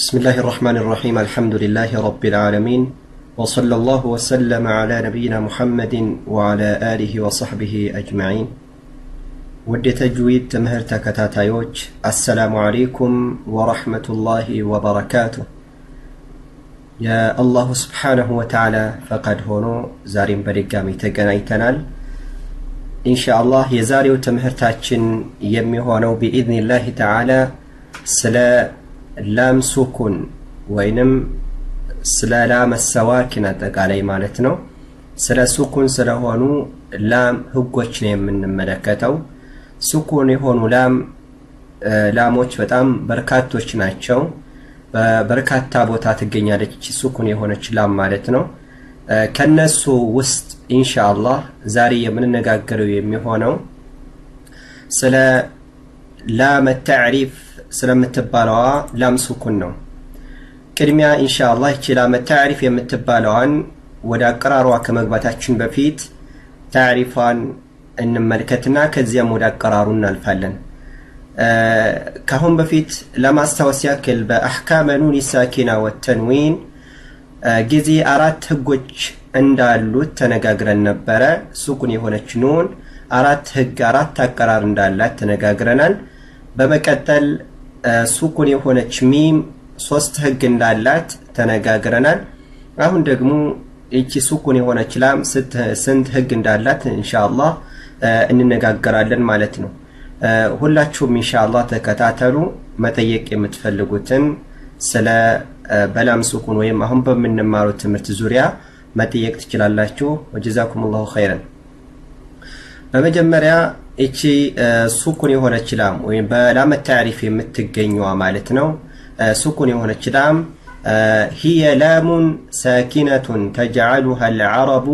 بسم الله الرحمن الرحيم الحمد لله رب العالمين وصلى الله وسلم على نبينا محمد وعلى آله وصحبه أجمعين ودي تجويد تمهر تكتاتايوج السلام عليكم ورحمة الله وبركاته يا الله سبحانه وتعالى فقد هونو زارين إن شاء يزاري وتمهر ኢንሻአላህ يمي هونو بإذن الله تعالى سلام ላም ሱኩን ወይንም ስለ ላም ሰዋኪን አጠቃላይ ማለት ነው። ስለ ሱኩን ስለሆኑ ላም ህጎች ነው የምንመለከተው። ሱኩን የሆኑ ላም ላሞች በጣም በርካቶች ናቸው። በበርካታ ቦታ ትገኛለች ሱኩን የሆነች ላም ማለት ነው። ከነሱ ውስጥ ኢንሻአላህ ዛሬ የምንነጋገረው የሚሆነው ስለ ላመ ተዕሪፍ ስለምትባለዋ ላም ሱኩን ነው። ቅድሚያ እንሻ አላህ ይቺ ላመ ታዕሪፍ የምትባለዋን ወደ አቀራሯ ከመግባታችን በፊት ታሪፏን እንመልከትና ከዚያም ወደ አቀራሩ እናልፋለን። ከአሁን በፊት ለማስታወስ ያክል በአሕካመ ኑን ሳኪና ወተንዊን ጊዜ አራት ህጎች እንዳሉት ተነጋግረን ነበረ። ሱኩን የሆነች ኑን አራት ህግ አራት አቀራር እንዳላት ተነጋግረናል። በመቀጠል ሱኩን የሆነች ሚም ሶስት ህግ እንዳላት ተነጋግረናል። አሁን ደግሞ ይቺ ሱኩን የሆነች ላም ስንት ህግ እንዳላት ኢንሻአላህ እንነጋገራለን ማለት ነው። ሁላችሁም ኢንሻአላህ ተከታተሉ። መጠየቅ የምትፈልጉትን ስለ በላም ሱኩን ወይም አሁን በምንማረው ትምህርት ዙሪያ መጠየቅ ትችላላችሁ። ወጀዛኩም ላሁ ኸይረን። በመጀመሪያ እቺ ሱኩን የሆነች ላም ወይም በላም ታሪፍ የምትገኘዋ ማለት ነው። ሱኩን የሆነች ላም هي لام ساكنة تجعلها العرب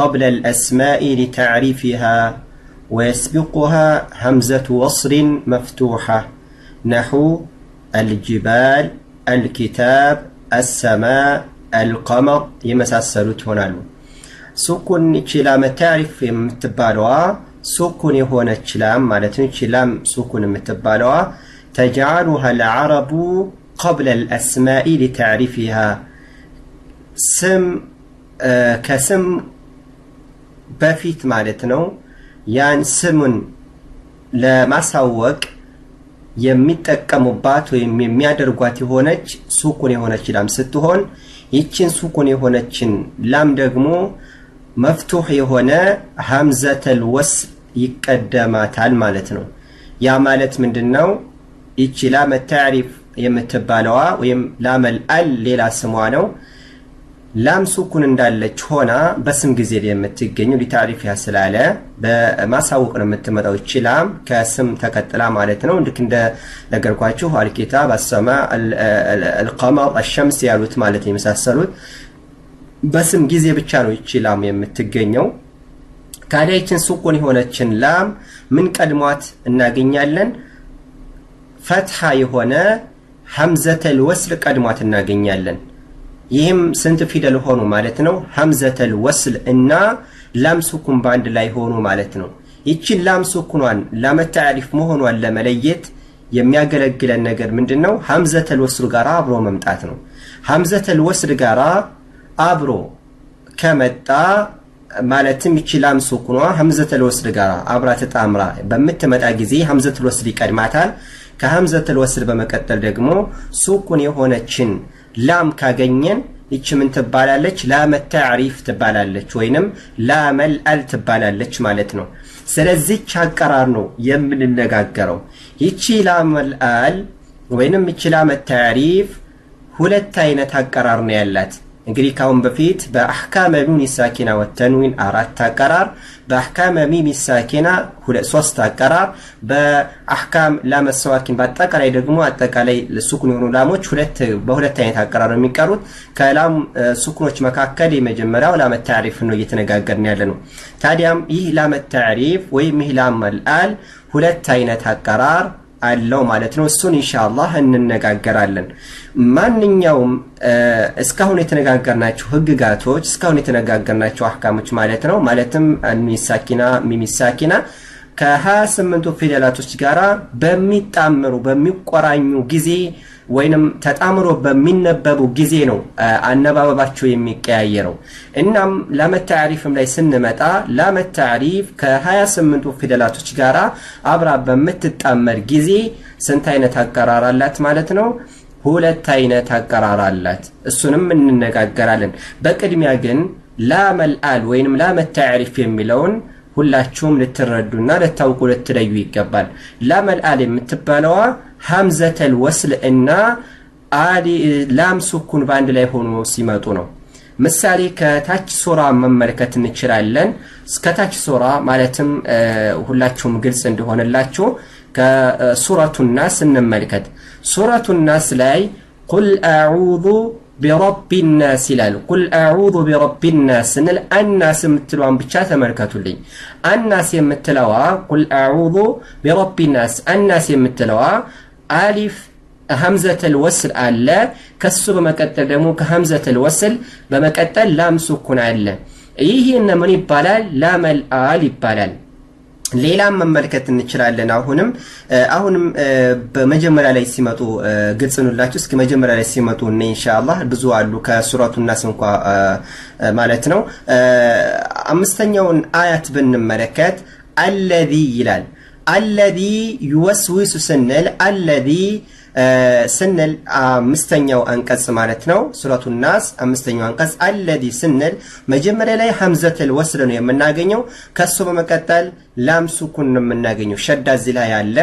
قبل الأسماء لتعريفها ويسبقها همزة وصل مفتوحة نحو الجبال الكتاب السماء القمر السلوت هنا سكون كلام تعرف የምትባለዋ ሱኩን የሆነች ላም ማለት ነው። ላም ሱኩን የምትባለዋ ተጅዓሉሃ ልዓረቡ ቀብለ ልአስማኢ ሊታዕሪፊሃ ስም ከስም በፊት ማለት ነው። ያን ስሙን ለማሳወቅ የሚጠቀሙባት ወይም የሚያደርጓት የሆነች ሱኩን የሆነች ላም ስትሆን ይችን ሱኩን የሆነችን ላም ደግሞ መፍቱሕ የሆነ ሀምዘተል ወስል ይቀደማታል ማለት ነው። ያ ማለት ምንድን ነው? ይቺ ላመ ታሪፍ የምትባለዋ ወይም ላመልአል ሌላ ስሟ ነው። ላም ሱኩን እንዳለች ሆና በስም ጊዜ የምትገኙ ሊታሪፍ ስላለ በማሳወቅ ነው የምትመጣው። ይቺ ላም ከስም ተቀጥላ ማለት ነው። ልክ እንደ ነገርኳችሁ አልኪታብ፣ አሰማ፣ አልቀመር፣ አሸምስ ያሉት ማለት የመሳሰሉት በስም ጊዜ ብቻ ነው ይቺ ላም የምትገኘው። ታዲያ ይችን ሱኩን የሆነችን ላም ምን ቀድሟት እናገኛለን? ፈትሃ የሆነ ሐምዘተል ወስል ቀድሟት እናገኛለን። ይህም ስንት ፊደል ሆኑ ማለት ነው? ሐምዘተል ወስል እና ላም ሱኩን በአንድ ላይ ሆኑ ማለት ነው። ይችን ላም ሱኩኗን ላመታሪፍ መሆኗን ለመለየት የሚያገለግለን ነገር ምንድን ነው? ሐምዘተል ወስል ጋራ አብሮ መምጣት ነው። ሐምዘተል ወስል ጋራ አብሮ ከመጣ ማለትም ይቺ ላም ሱኩኗ ሀምዘተል ወስል ጋር አብራ ተጣምራ በምትመጣ ጊዜ ሀምዘተል ወስል ይቀድማታል። ከሀምዘተል ወስል በመቀጠል ደግሞ ሱኩን የሆነችን ላም ካገኘን ይቺ ምን ትባላለች? ላመ ተዕሪፍ ትባላለች፣ ወይንም ላመልአል ትባላለች ማለት ነው። ስለዚች አቀራር ነው የምንነጋገረው። ይቺ አል ወይንም ይቺ ላመ ተዕሪፍ ሁለት አይነት አቀራር ነው ያላት። እንግዲህ ካሁን በፊት በአሕካመ ሚሚ ሳኪና ወተንዊን አራት አቀራር፣ በአሕካመ ሚሚ ሳኪና ሶስት አቀራር፣ በአሕካም ላመሰዋኪን በአጠቃላይ ደግሞ አጠቃላይ ሱኩን የሆኑ ላሞች በሁለት አይነት አቀራር ነው የሚቀሩት። ከላም ሱኩኖች መካከል የመጀመሪያው ላመታሪፍ ነው እየተነጋገርን ያለ ነው። ታዲያም ይህ ላመታሪፍ ወይም ይህ ላመልአል ሁለት አይነት አቀራር አለው ማለት ነው። እሱን ኢንሻአላህ እንነጋገራለን። ማንኛውም እስካሁን የተነጋገርናቸው ህግጋቶች እስካሁን የተነጋገርናቸው አህካሞች ማለት ነው ማለትም ሚሳኪና ሚሚሳኪና ከ28ቱ ፊደላቶች ጋራ በሚጣምሩ በሚቆራኙ ጊዜ ወይንም ተጣምሮ በሚነበቡ ጊዜ ነው አነባበባቸው የሚቀያየረው። እናም ላመታሪፍም ላይ ስንመጣ ላመታሪፍ ከ28ቱ ፊደላቶች ጋራ አብራ በምትጣመር ጊዜ ስንት አይነት አቀራር አላት ማለት ነው? ሁለት አይነት አቀራር አላት። እሱንም እንነጋገራለን። በቅድሚያ ግን ላመልአል ወይንም ላመታሪፍ የሚለውን ሁላችሁም ልትረዱና ልታውቁ ልትለዩ ይገባል። ላመልአል የምትባለዋ ሐምዘተል ወስል እና አሊ ላም ሱኩን በአንድ ላይ ሆኖ ሲመጡ ነው። ምሳሌ ከታች ሶራ መመልከት እንችላለን። ከታች ሶራ ማለትም ሁላችሁም ግልጽ እንደሆነላችሁ ከሱረቱ ናስ እንመልከት። ሱረቱ ናስ ላይ ቁል አዑዙ ቢረቢ ናስ ይላል። ቁል አዑዙ ቢረቢ ናስ ስንል አናስ የምትለዋን ብቻ ተመልከቱልኝ። አናስ የምትለዋ ቁል አዑዙ ቢረቢ ናስ አናስ የምትለዋ አሊፍ ሀምዘተል ወስል አለ። ከሱ በመቀጠል ደግሞ ከሀምዘተል ወስል በመቀጠል ላም ሱኩን አለ። ይህን ምን ይባላል? ላመል አል ይባላል። ሌላም መመልከት እንችላለን። አሁንም አሁንም በመጀመሪያ ላይ ሲመጡ ግልጽ ንላችሁ እስኪ መጀመሪያ ላይ ሲመጡ እነ ኢንሻአላህ ብዙ አሉ ከሱረቱ ናስ እንኳ ማለት ነው። አምስተኛውን አያት ብንመለከት አለዚ ይላል አለዚ ዩወስዊሱ ስንል አለዚ ስንል አምስተኛው አንቀጽ ማለት ነው። ሱረቱ ናስ አምስተኛው አንቀጽ አለዚ ስንል መጀመሪያ ላይ ሐምዘተል ወስል ነው የምናገኘው። ከሱ በመቀጠል ላምሱኩን ነው የምናገኘው። ሸዳ እዚህ ላይ አለ፣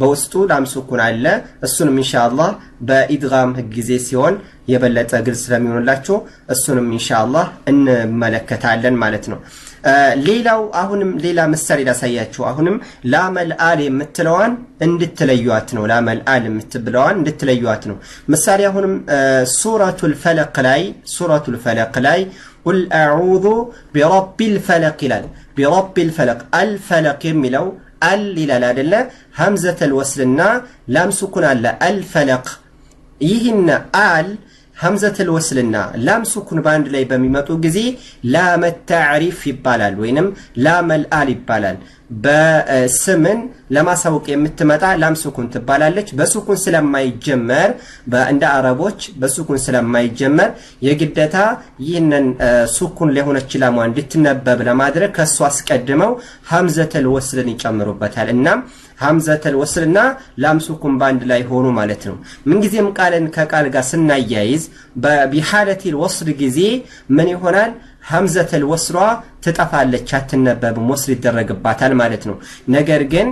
በውስጡ ላምሱኩን አለ። እሱንም ኢንሻአላህ በኢድጋም ጊዜ ሲሆን የበለጠ ግልጽ ስለሚሆንላችሁ እሱንም ኢንሻአላህ እንመለከታለን ማለት ነው። ليلو أهونم ليلا مسر إلى سياتش وأهونم لام الآل متلوان إن لتليواتنو لام الآل إن لتليواتنو مسر أهونم سورة الفلق لاي سورة الفلق لاي قل أعوذ برب الفلق لال برب الفلق الفلق ملو الليلة لا لا همزة الوصلنا لنا لام سكون الفلق يهن آل ሐምዘትል ወስልና ላም ሱኩን በአንድ ላይ በሚመጡ ጊዜ ላመታዕሪፍ ይባላል ወይንም ላመልአል ይባላል በስምን ለማሳወቅ የምትመጣ ላም ስኩን ትባላለች። በሱኩን ስለማይጀመር እንደ አረቦች በሱኩን ስለማይጀመር የግደታ ይህንን ሱኩን ለሆነች ላሟ እንድትነበብ ለማድረግ ከእሱ አስቀድመው ሀምዘተል ወስልን ይጨምሩበታል። እናም ሀምዘተል ወስልና ላም ሱኩን በአንድ ላይ ሆኑ ማለት ነው። ምንጊዜም ቃልን ከቃል ጋር ስናያይዝ በቢሓለቲል ወስል ጊዜ ምን ይሆናል? ሐምዘተል ወስሏ ትጠፋለች፣ አትነበብም፣ ወስል ይደረግባታል ማለት ነው። ነገር ግን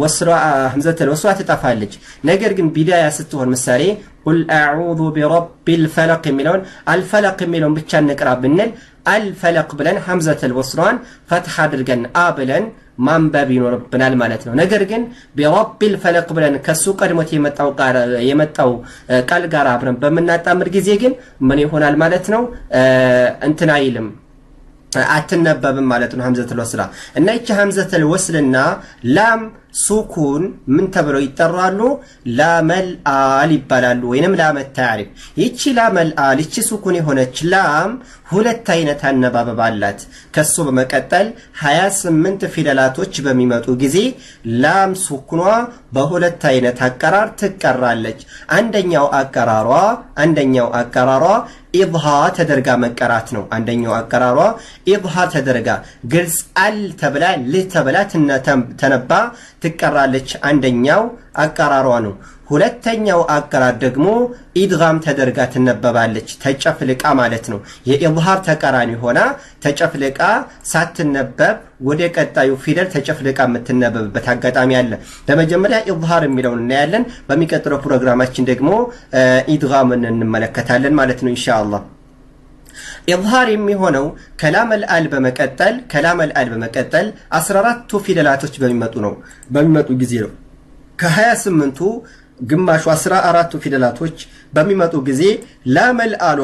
وسرع همزة الوسوعة تفعلج نجر جن بداية ستوه المساري قل أعوذ برب الفلق ملون الفلق ملون بتشان نقرأ بنل الفلق بلن همزة الوسران فتح درجن آبلن مام بابين ربنا المالتنا نجر جن برب الفلق بلن كسوق الموت يمت أو قار يمت أو قال قار عبرن بمنات أمر جزيجن من يهون المالتنا أنت نعيلم أه አትነበብም ማለት ነው ሀምዘተል ወስላ እና ይቺ ሀምዘተል ወስልና ላም ሱኩን ምን ተብለው ይጠራሉ? ላመልአል ይባላሉ። ወይንም ላመት ታሪፍ። ይቺ ላመልአል ይቺ ሱኩን የሆነች ላም ሁለት አይነት አነባበብ አላት። ከሱ በመቀጠል 28 ፊደላቶች በሚመጡ ጊዜ ላም ሱኩኗ በሁለት አይነት አቀራር ትቀራለች። አንደኛው አቀራሯ አንደኛው አቀራሯ ኢብሃ ተደርጋ መቀራት ነው። አንደኛው አቀራሯ ኢብሃ ተደርጋ ግልጽ አል ተብላ ልህ ተብላ ተነባ ትቀራለች። አንደኛው አቀራሯ ነው። ሁለተኛው አቀራር ደግሞ ኢድጋም ተደርጋ ትነበባለች። ተጨፍልቃ ማለት ነው። የኢዝሃር ተቃራኒ ሆና ተጨፍልቃ ሳትነበብ ወደ ቀጣዩ ፊደል ተጨፍልቃ የምትነበብበት አጋጣሚ አለ። በመጀመሪያ ኢዝሃር የሚለውን እናያለን። በሚቀጥለው ፕሮግራማችን ደግሞ ኢድጋምን እንመለከታለን ማለት ነው ኢንሻአላህ። ኢዝሃር የሚሆነው ከላም አልአል በመቀጠል ከላም አልአል በመቀጠል 14ቱ ፊደላቶች በሚመጡ ነው በሚመጡ ጊዜ ነው። ከ28ቱ ግማሹ 14ቱ ፊደላቶች በሚመጡ ጊዜ ላመል አሏ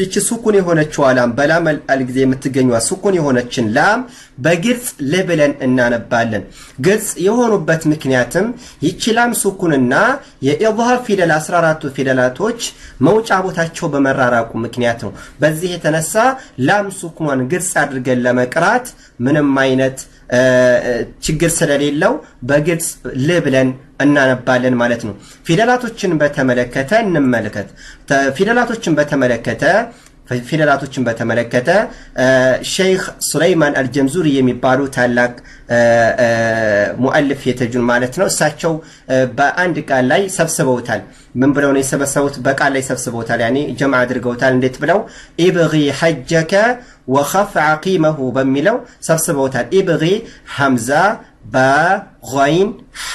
ይቺ ሱኩን የሆነችዋ ላም በላመል አል ጊዜ የምትገኘዋ ሱኩን የሆነችን ላም በግልጽ ልብለን እናነባለን። ግልጽ የሆኑበት ምክንያትም ይቺ ላም ሱኩንና የኢዝሃር ፊደል 14ቱ ፊደላቶች መውጫ ቦታቸው በመራራቁ ምክንያት ነው። በዚህ የተነሳ ላም ሱኩኗን ግልጽ አድርገን ለመቅራት ምንም አይነት ችግር ስለሌለው በግልጽ ል ብለን እናነባለን ማለት ነው። ፊደላቶችን በተመለከተ እንመልከት። ፊደላቶችን በተመለከተ ፊደላቶችን በተመለከተ ሼይክ ሱለይማን አልጀምዙሪ የሚባሉ ታላቅ ሙአልፍ የተጁን ማለት ነው። እሳቸው በአንድ ቃል ላይ ሰብስበውታል። ምን ብለው ነው የሰበሰቡት? በቃል ላይ ሰብስበውታል። ያኔ ጀምዓ አድርገውታል። እንዴት ብለው ኢብጊ ሐጀከ ወኸፍ ዓቂመሁ በሚለው ሰብስበውታል። ኢብጊ ሐምዛ ባ ይን ሓ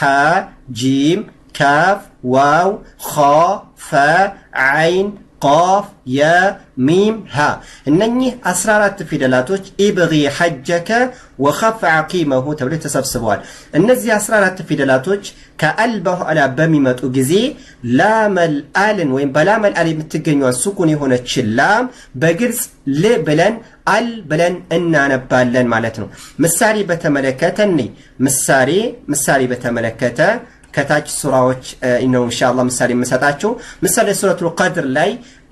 ጂም ካፍ ዋው ኸ ፈ ዓይን ቆፍ የሚም ሃ እነኚህ 14 ፊደላቶች ኢብሪ ሐጀከ ወኸፍ ዓቂመሁ ተብሎ ተሰብስበዋል። እነዚህ 14 ፊደላቶች ከአል በኋላ በሚመጡ ጊዜ ላመልአልን ወይም በላመልአል የምትገኘ ሱኩን የሆነች ላም በግልጽ ል ብለን አል ብለን እናነባለን ማለት ነው። ምሳሌ በተመለከተ ምሳሌ ምሳሌ በተመለከተ ከታች ሱራዎች ነው ኢንሻአላህ ምሳሌ የምሰጣቸው። ምሳሌ ሱረቱል ልቀድር ላይ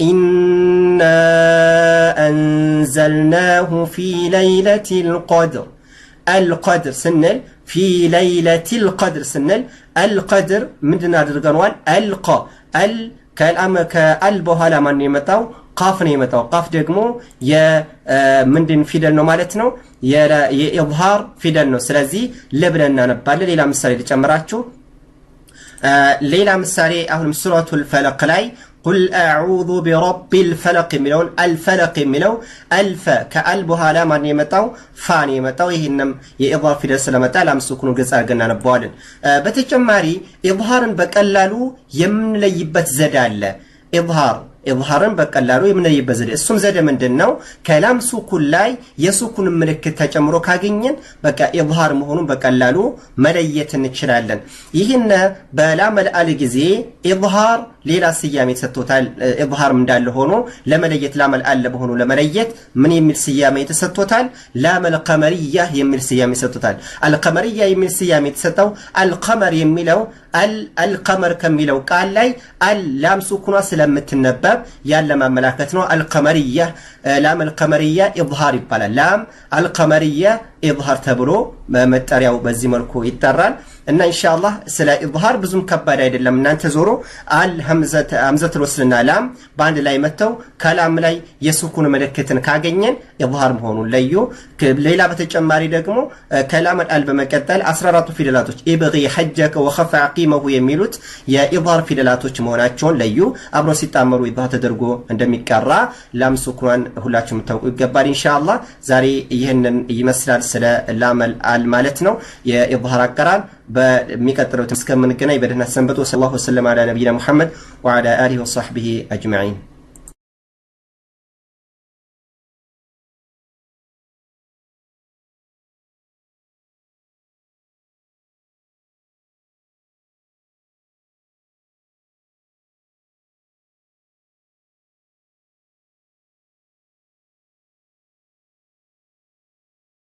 ኢና አንዘልናሁ ፊ ለይለቲል ልቀድር አልቀድር ስንል ፊ ለይለቲል ልቀድር ስንል አልቀድር ምንድን አድርገነዋል? አልቀ አል ከአል በኋላ ማን ነው የመጣው? ቃፍ ነው የመጣው። ቃፍ ደግሞ የምንድን ፊደል ነው ማለት ነው? የኢዝሃር ፊደል ነው። ስለዚህ ለብለን እናነባለን። ሌላ ምሳሌ ልጨምራችሁ። ሌላ ምሳሌ አሁንም ሱረቱል ፈለቅ ላይ ቁል አዑዙ ቢረቢ ልፈለቅ የሚለውን አልፈለቅ የሚለው አልፈ ከአል በኋላ ማን የመጣው ፋን የመጣው ይህንም የኢዛ ፊደል ስለመጣ ላምስኩኑ ገጽ አድርገን እናነበዋለን። በተጨማሪ ኢዝሃርን በቀላሉ የምንለይበት ዘዴ አለ። ኢዝሃር ኢዝሃርን በቀላሉ የምንለይበት ዘዴ። እሱም ዘዴ ምንድን ነው? ከላም ሱኩን ላይ የሱኩን ምልክት ተጨምሮ ካገኘን በቃ ኢዝሃር መሆኑን በቀላሉ መለየት እንችላለን። ይህን በላመልአል ጊዜ ኢዝሃር ሌላ ስያሜ ተሰጥቶታል። ኢዝሃር እንዳለ ሆኖ ለመለየት ላመልአል ለመሆኑ ለመለየት ምን የሚል ስያሜ ተሰጥቶታል? ላመል ቀመርያ የሚል ስያሜ ተሰጥቶታል። አልቀመርያ የሚል ስያሜ የተሰጠው አልቀመር የሚለው አልቀመር ከሚለው ቃል ላይ አል ላም ሱኩኗ ስለምትነበብ ሀሳብ ያን ለማመላከት ነው። አልቀመርያ ላም አልቀመርያ ኢዝሃር ይባላል። ላም አልቀመርያ ኢዝሃር ተብሎ መጠሪያው በዚህ መልኩ ይጠራል እና ኢንሻአላህ ስለ ኢዝሃር ብዙም ከባድ አይደለም። እናንተ ዞሮ አል ሀምዘቱል ወስልና ላም በአንድ ላይ መጥተው ከላም ላይ የሱኩን ምልክትን ካገኘን ኢዝሃር መሆኑን ለዩ። ሌላ በተጨማሪ ደግሞ ከላም አል በመቀጠል 14ቱ ፊደላቶች ኢብጊ ሐጀከ ወኸፈ ቂመሁ የሚሉት የኢዝሃር ፊደላቶች መሆናቸውን ለዩ። አብሮ ሲጣመሩ ኢዝሃር ተደርጎ እንደሚቀራ ላም ስኩን ሁላችሁም ታውቁ ይገባል። ኢንሻአላህ ዛሬ ይህንን ይመስላል። سلا لامل آل مالتنو يا إظهار القران بميكا من الجناي بدنا نسنبت وصلى الله وسلم على نبينا محمد وعلى آله وصحبه أجمعين